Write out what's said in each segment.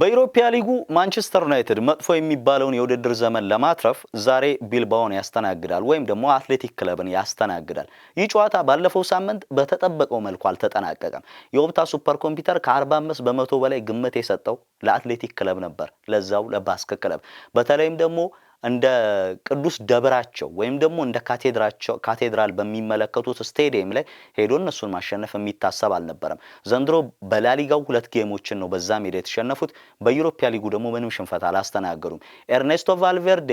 በኢሮፓ ሊጉ ማንቸስተር ዩናይትድ መጥፎ የሚባለውን የውድድር ዘመን ለማትረፍ ዛሬ ቢልባውን ያስተናግዳል ወይም ደግሞ አትሌቲክ ክለብን ያስተናግዳል። ይህ ጨዋታ ባለፈው ሳምንት በተጠበቀው መልኩ አልተጠናቀቀም። የኦፕታ ሱፐር ኮምፒውተር ከ45 በመቶ በላይ ግምት የሰጠው ለአትሌቲክ ክለብ ነበር፣ ለዛው ለባስክ ክለብ በተለይም ደግሞ እንደ ቅዱስ ደብራቸው ወይም ደግሞ እንደ ካቴድራቸው ካቴድራል በሚመለከቱት ስቴዲየም ላይ ሄዶ እነሱን ማሸነፍ የሚታሰብ አልነበረም። ዘንድሮ በላሊጋው ሁለት ጌሞችን ነው በዛ ሜዳ የተሸነፉት። በዩሮፓ ሊጉ ደግሞ ምንም ሽንፈት አላስተናገዱም። ኤርኔስቶ ቫልቬርዴ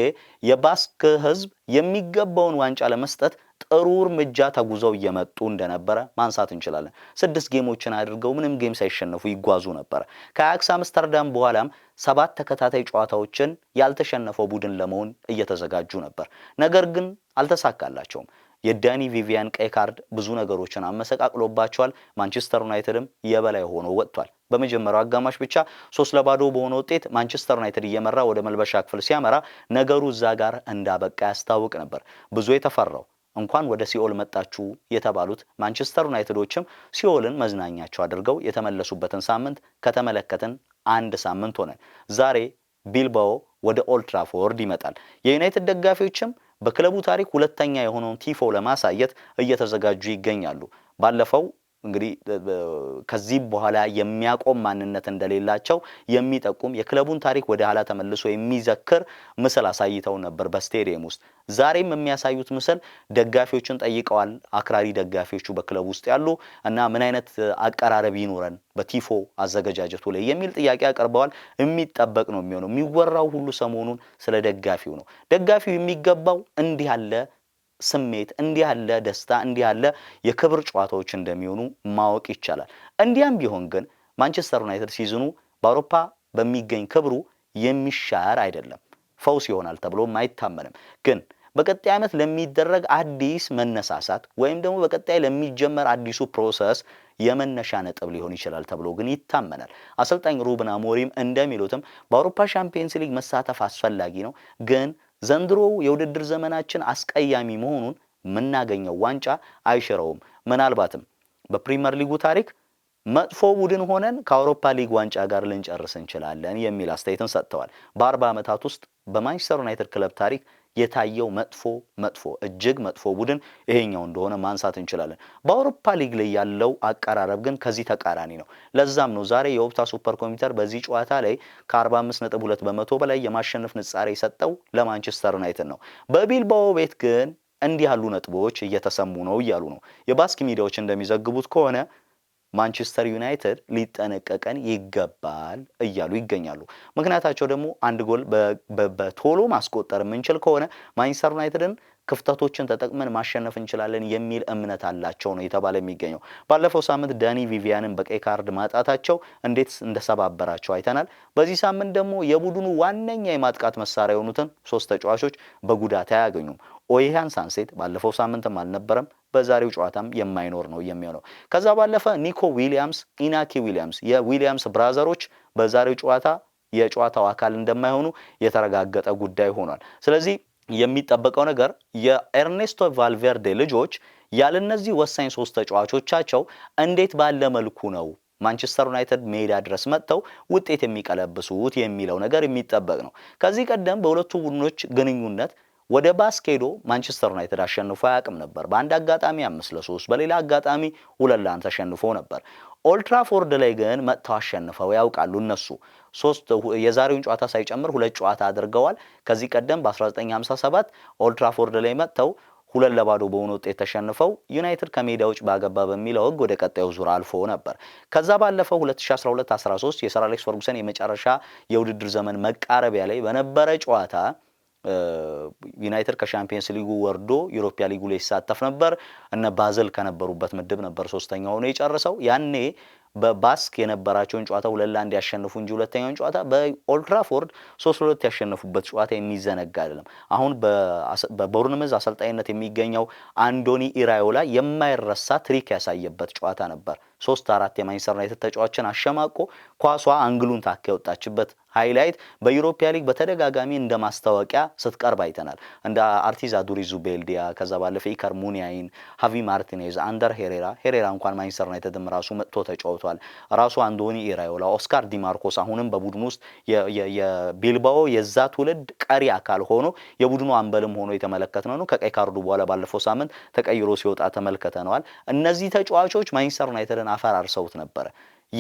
የባስክ ሕዝብ የሚገባውን ዋንጫ ለመስጠት ጥሩ እርምጃ ተጉዘው እየመጡ እንደነበረ ማንሳት እንችላለን። ስድስት ጌሞችን አድርገው ምንም ጌም ሳይሸነፉ ይጓዙ ነበረ። ከአያክስ አምስተርዳም በኋላም ሰባት ተከታታይ ጨዋታዎችን ያልተሸነፈው ቡድን ለመሆን እየተዘጋጁ ነበር። ነገር ግን አልተሳካላቸውም። የዳኒ ቪቪያን ቀይ ካርድ ብዙ ነገሮችን አመሰቃቅሎባቸዋል። ማንቸስተር ዩናይትድም የበላይ ሆኖ ወጥቷል። በመጀመሪያው አጋማሽ ብቻ ሶስት ለባዶ በሆነ ውጤት ማንቸስተር ዩናይትድ እየመራ ወደ መልበሻ ክፍል ሲያመራ ነገሩ እዛ ጋር እንዳበቃ ያስታውቅ ነበር። ብዙ የተፈራው እንኳን ወደ ሲኦል መጣችሁ የተባሉት ማንቸስተር ዩናይትዶችም ሲኦልን መዝናኛቸው አድርገው የተመለሱበትን ሳምንት ከተመለከትን አንድ ሳምንት ሆነ። ዛሬ ቢልባኦ ወደ ኦልትራፎርድ ይመጣል። የዩናይትድ ደጋፊዎችም በክለቡ ታሪክ ሁለተኛ የሆነውን ቲፎ ለማሳየት እየተዘጋጁ ይገኛሉ። ባለፈው እንግዲህ ከዚህ በኋላ የሚያቆም ማንነት እንደሌላቸው የሚጠቁም የክለቡን ታሪክ ወደ ኋላ ተመልሶ የሚዘክር ምስል አሳይተው ነበር በስቴዲየም ውስጥ። ዛሬም የሚያሳዩት ምስል ደጋፊዎችን ጠይቀዋል። አክራሪ ደጋፊዎቹ በክለቡ ውስጥ ያሉ እና ምን አይነት አቀራረብ ይኖረን በቲፎ አዘገጃጀቱ ላይ የሚል ጥያቄ አቅርበዋል። የሚጠበቅ ነው የሚሆነው። የሚወራው ሁሉ ሰሞኑን ስለ ደጋፊው ነው። ደጋፊው የሚገባው እንዲህ ያለ ስሜት እንዲህ ያለ ደስታ እንዲህ ያለ የክብር ጨዋታዎች እንደሚሆኑ ማወቅ ይቻላል። እንዲያም ቢሆን ግን ማንቸስተር ዩናይትድ ሲዝኑ በአውሮፓ በሚገኝ ክብሩ የሚሻር አይደለም፣ ፈውስ ይሆናል ተብሎም አይታመንም። ግን በቀጣይ ዓመት ለሚደረግ አዲስ መነሳሳት ወይም ደግሞ በቀጣይ ለሚጀመር አዲሱ ፕሮሰስ የመነሻ ነጥብ ሊሆን ይችላል ተብሎ ግን ይታመናል። አሰልጣኝ ሩበን አሞሪም እንደሚሉትም በአውሮፓ ሻምፒየንስ ሊግ መሳተፍ አስፈላጊ ነው ግን ዘንድሮ የውድድር ዘመናችን አስቀያሚ መሆኑን የምናገኘው ዋንጫ አይሽረውም። ምናልባትም በፕሪምየር ሊጉ ታሪክ መጥፎ ቡድን ሆነን ከአውሮፓ ሊግ ዋንጫ ጋር ልንጨርስ እንችላለን የሚል አስተያየትን ሰጥተዋል። በአርባ ዓመታት ውስጥ በማንቸስተር ዩናይትድ ክለብ ታሪክ የታየው መጥፎ መጥፎ እጅግ መጥፎ ቡድን ይሄኛው እንደሆነ ማንሳት እንችላለን። በአውሮፓ ሊግ ላይ ያለው አቀራረብ ግን ከዚህ ተቃራኒ ነው። ለዛም ነው ዛሬ የኦፕታ ሱፐር ኮምፒውተር በዚህ ጨዋታ ላይ ከ45.2 በመቶ በላይ የማሸነፍ ንጻሬ የሰጠው ለማንቸስተር ዩናይትድ ነው። በቢልባኦ ቤት ግን እንዲህ ያሉ ነጥቦች እየተሰሙ ነው እያሉ ነው። የባስክ ሚዲያዎች እንደሚዘግቡት ከሆነ ማንቸስተር ዩናይትድ ሊጠነቀቀን ይገባል እያሉ ይገኛሉ። ምክንያታቸው ደግሞ አንድ ጎል በቶሎ ማስቆጠር የምንችል ከሆነ ማንቸስተር ዩናይትድን ክፍተቶችን ተጠቅመን ማሸነፍ እንችላለን የሚል እምነት አላቸው ነው የተባለ የሚገኘው። ባለፈው ሳምንት ዳኒ ቪቪያንን በቀይ ካርድ ማጣታቸው እንዴት እንደሰባበራቸው አይተናል። በዚህ ሳምንት ደግሞ የቡድኑ ዋነኛ የማጥቃት መሳሪያ የሆኑትን ሶስት ተጫዋቾች በጉዳት አያገኙም። ኦይሃን ሳንሴት ባለፈው ሳምንትም አልነበረም በዛሬው ጨዋታም የማይኖር ነው የሚሆነው። ከዛ ባለፈ ኒኮ ዊሊያምስ፣ ኢናኪ ዊሊያምስ የዊሊያምስ ብራዘሮች በዛሬው ጨዋታ የጨዋታው አካል እንደማይሆኑ የተረጋገጠ ጉዳይ ሆኗል። ስለዚህ የሚጠበቀው ነገር የኤርኔስቶ ቫልቬርዴ ልጆች ያለ እነዚህ ወሳኝ ሶስት ተጫዋቾቻቸው እንዴት ባለ መልኩ ነው ማንቸስተር ዩናይትድ ሜዳ ድረስ መጥተው ውጤት የሚቀለብሱት የሚለው ነገር የሚጠበቅ ነው። ከዚህ ቀደም በሁለቱ ቡድኖች ግንኙነት ወደ ባስኬዶ ማንቸስተር ዩናይትድ አሸንፎ አያውቅም ነበር። በአንድ አጋጣሚ አምስት ለሶስት በሌላ አጋጣሚ ሁለት ለአንድ ተሸንፎ ነበር። ኦልትራፎርድ ላይ ግን መጥተው አሸንፈው ያውቃሉ። እነሱ ሶስት የዛሬውን ጨዋታ ሳይጨምር ሁለት ጨዋታ አድርገዋል። ከዚህ ቀደም በ1957 ኦልትራፎርድ ላይ መጥተው ሁለት ለባዶ በሆነ ውጤት ተሸንፈው ዩናይትድ ከሜዳ ውጭ ባገባ በሚለው ሕግ ወደ ቀጣዩ ዙር አልፎ ነበር። ከዛ ባለፈው 2012 13 የሰር አሌክስ ፈርጉሰን የመጨረሻ የውድድር ዘመን መቃረቢያ ላይ በነበረ ጨዋታ ዩናይትድ ከሻምፒየንስ ሊጉ ወርዶ ዩሮፒያ ሊጉ ላይ ይሳተፍ ነበር። እነ ባዘል ከነበሩበት ምድብ ነበር ሶስተኛ ሆኖ የጨረሰው። ያኔ በባስክ የነበራቸውን ጨዋታ ሁለት ለአንድ ያሸነፉ እንጂ ሁለተኛውን ጨዋታ በኦልትራፎርድ ሶስት ለሁለት ያሸነፉበት ጨዋታ የሚዘነጋ አይደለም። አሁን በቦርንምዝ አሰልጣኝነት የሚገኘው አንዶኒ ኢራዮላ የማይረሳ ትሪክ ያሳየበት ጨዋታ ነበር። ሶስት አራት የማንቸስተር ዩናይትድ ተጫዋችን አሸማቆ ኳሷ አንግሉን ታካ የወጣችበት ሃይላይት በዩሮፒያ ሊግ በተደጋጋሚ እንደ ማስታወቂያ ስትቀርብ አይተናል። እንደ አርቲዛ ዱሪዙ ቤልዲያ ከዛ ባለፈ ኢከር ሙኒያይን፣ ሃቪ ማርቲኔዝ፣ አንደር ሄሬራ ሄሬራ እንኳን ማንቸስተር ዩናይትድም ራሱ መጥቶ ተጫውቷል። ራሱ አንዶኒ ኢራዮላ፣ ኦስካር ዲማርኮስ አሁንም በቡድኑ ውስጥ የቢልባኦ የዛ ትውልድ ቀሪ አካል ሆኖ የቡድኑ አንበልም ሆኖ የተመለከት ነው። ከቀይ ካርዱ በኋላ ባለፈው ሳምንት ተቀይሮ ሲወጣ ተመልክተነዋል። እነዚህ ተጫዋቾች ማንቸስተር ዩናይትድን አፈራርሰውት ነበረ።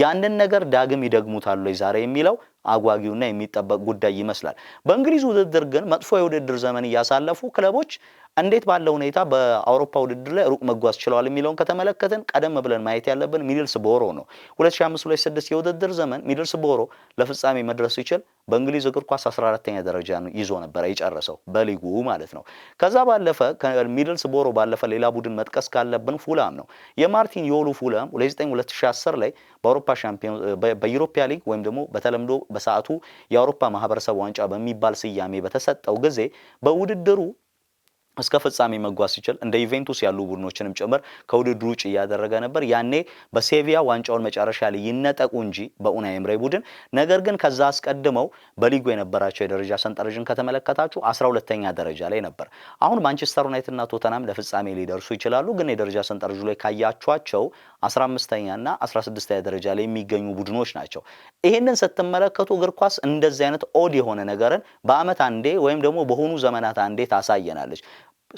ያንን ነገር ዳግም ይደግሙታል ዛሬ የሚለው አጓጊውና የሚጠበቅ ጉዳይ ይመስላል። በእንግሊዝ ውድድር ግን መጥፎ የውድድር ዘመን እያሳለፉ ክለቦች እንዴት ባለ ሁኔታ በአውሮፓ ውድድር ላይ ሩቅ መጓዝ ችለዋል የሚለውን ከተመለከትን ቀደም ብለን ማየት ያለብን ሚድልስ ቦሮ ነው 2526 የውድድር ዘመን ሚድልስ ቦሮ ለፍጻሜ መድረስ ሲችል በእንግሊዝ እግር ኳስ 14ተኛ ደረጃ ይዞ ነበረ የጨረሰው በሊጉ ማለት ነው። ከዛ ባለፈ ከሚድልስ ቦሮ ባለፈ ሌላ ቡድን መጥቀስ ካለብን ፉላም ነው። የማርቲን ዮሉ ፉላም 2009 ላይ በአውሮፓ ሻምፒዮን በዩሮፒያ ሊግ ወይም ደግሞ በተለምዶ በሰዓቱ የአውሮፓ ማህበረሰብ ዋንጫ በሚባል ስያሜ በተሰጠው ጊዜ በውድድሩ እስከ ፍጻሜ መጓዝ ሲችል እንደ ዩቬንቱስ ያሉ ቡድኖችንም ጭምር ከውድድሩ ውጭ እያደረገ ነበር። ያኔ በሴቪያ ዋንጫውን መጨረሻ ላይ ይነጠቁ እንጂ በኡናይ ኤምሬ ቡድን። ነገር ግን ከዛ አስቀድመው በሊጉ የነበራቸው የደረጃ ሰንጠረዥን ከተመለከታችሁ አስራ ሁለተኛ ደረጃ ላይ ነበር። አሁን ማንቸስተር ዩናይትድ እና ቶተናም ለፍጻሜ ሊደርሱ ይችላሉ። ግን የደረጃ ሰንጠረዡ ላይ ካያችኋቸው አስራ አምስተኛ እና አስራ ስድስተኛ ደረጃ ላይ የሚገኙ ቡድኖች ናቸው። ይህንን ስትመለከቱ እግር ኳስ እንደዚህ አይነት ኦድ የሆነ ነገርን በአመት አንዴ ወይም ደግሞ በሆኑ ዘመናት አንዴ ታሳየናለች።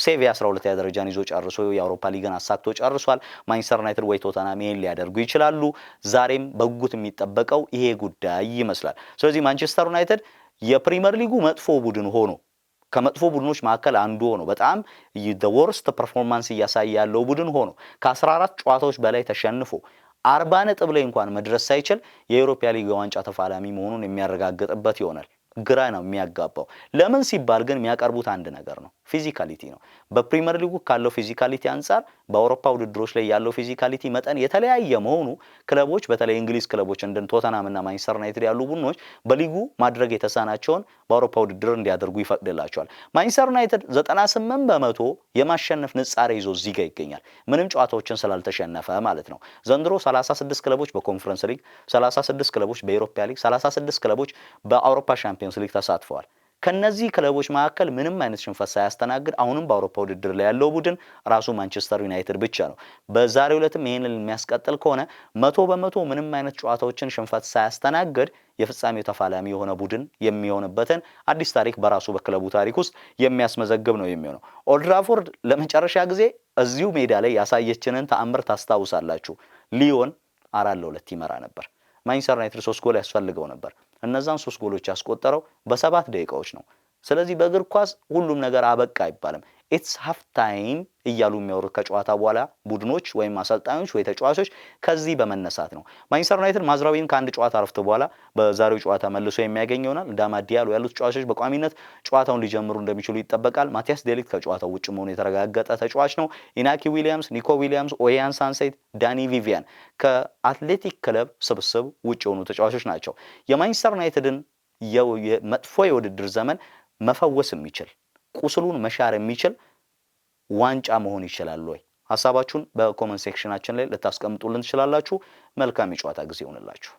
ሴቪያ 12 ያ ደረጃን ይዞ ጨርሶ የአውሮፓ ሊግን አሳክቶ ጨርሷል። ማንቸስተር ዩናይትድ ወይ ቶተናም ይሄን ሊያደርጉ ይችላሉ። ዛሬም በጉት የሚጠበቀው ይሄ ጉዳይ ይመስላል። ስለዚህ ማንቸስተር ዩናይትድ የፕሪምየር ሊጉ መጥፎ ቡድን ሆኖ ከመጥፎ ቡድኖች መካከል አንዱ ሆኖ በጣም ዘ ወርስት ፐርፎርማንስ እያሳየ ያለው ቡድን ሆኖ ከ14 ጨዋታዎች በላይ ተሸንፎ አርባ ነጥብ ላይ እንኳን መድረስ ሳይችል የአውሮፓ ሊግ ዋንጫ ተፋላሚ መሆኑን የሚያረጋግጥበት ይሆናል። ግራ ነው የሚያጋባው። ለምን ሲባል ግን የሚያቀርቡት አንድ ነገር ነው። ፊዚካሊቲ ነው። በፕሪመር ሊጉ ካለው ፊዚካሊቲ አንጻር በአውሮፓ ውድድሮች ላይ ያለው ፊዚካሊቲ መጠን የተለያየ መሆኑ ክለቦች በተለይ እንግሊዝ ክለቦች እንደ ቶተናምና ማንቸስተር ዩናይትድ ያሉ ቡድኖች በሊጉ ማድረግ የተሳናቸውን በአውሮፓ ውድድር እንዲያደርጉ ይፈቅድላቸዋል። ማንቸስተር ዩናይትድ 98 በመቶ የማሸነፍ ንጻሬ ይዞ እዚህ ጋር ይገኛል። ምንም ጨዋታዎችን ስላልተሸነፈ ማለት ነው። ዘንድሮ 36 ክለቦች በኮንፈረንስ ሊግ፣ 36 ክለቦች በኤሮፓ ሊግ፣ 36 ክለቦች በአውሮፓ ሻምፒዮንስ ሊግ ተሳትፈዋል። ከነዚህ ክለቦች መካከል ምንም አይነት ሽንፈት ሳያስተናግድ አሁንም በአውሮፓ ውድድር ላይ ያለው ቡድን ራሱ ማንቸስተር ዩናይትድ ብቻ ነው። በዛሬው ዕለትም ይህንን የሚያስቀጥል ከሆነ መቶ በመቶ ምንም አይነት ጨዋታዎችን ሽንፈት ሳያስተናግድ የፍጻሜው ተፋላሚ የሆነ ቡድን የሚሆንበትን አዲስ ታሪክ በራሱ በክለቡ ታሪክ ውስጥ የሚያስመዘግብ ነው የሚሆነው። ኦልድራፎርድ ለመጨረሻ ጊዜ እዚሁ ሜዳ ላይ ያሳየችንን ተአምር ታስታውሳላችሁ። ሊዮን አራት ለሁለት ይመራ ነበር። ማንችስተር ዩናይትድ ሶስት ጎል ያስፈልገው ነበር። እነዛን ሶስት ጎሎች ያስቆጠረው በሰባት ደቂቃዎች ነው። ስለዚህ በእግር ኳስ ሁሉም ነገር አበቃ አይባልም። ኢትስ ሀፍ ታይም እያሉ የሚያወሩት ከጨዋታ በኋላ ቡድኖች ወይም አሰልጣኞች ወይ ተጫዋቾች ከዚህ በመነሳት ነው። ማንቸስተር ዩናይትድ ማዝራዊን ከአንድ ጨዋታ አረፍት በኋላ በዛሬው ጨዋታ መልሶ የሚያገኝ ይሆናል። ዳማ ዲያሎ ያሉት ተጫዋቾች በቋሚነት ጨዋታውን ሊጀምሩ እንደሚችሉ ይጠበቃል። ማቲያስ ዴሊክት ከጨዋታው ውጭ መሆኑ የተረጋገጠ ተጫዋች ነው። ኢናኪ ዊሊያምስ፣ ኒኮ ዊሊያምስ፣ ኦያን ሳንሴት፣ ዳኒ ቪቪያን ከአትሌቲክ ክለብ ስብስብ ውጭ የሆኑ ተጫዋቾች ናቸው። የማንቸስተር ዩናይትድን መጥፎ የውድድር ዘመን መፈወስ የሚችል ቁስሉን መሻር የሚችል ዋንጫ መሆን ይችላል ወይ? ሀሳባችሁን በኮመንት ሴክሽናችን ላይ ልታስቀምጡልን ትችላላችሁ። መልካም የጨዋታ ጊዜ ይሆንላችሁ።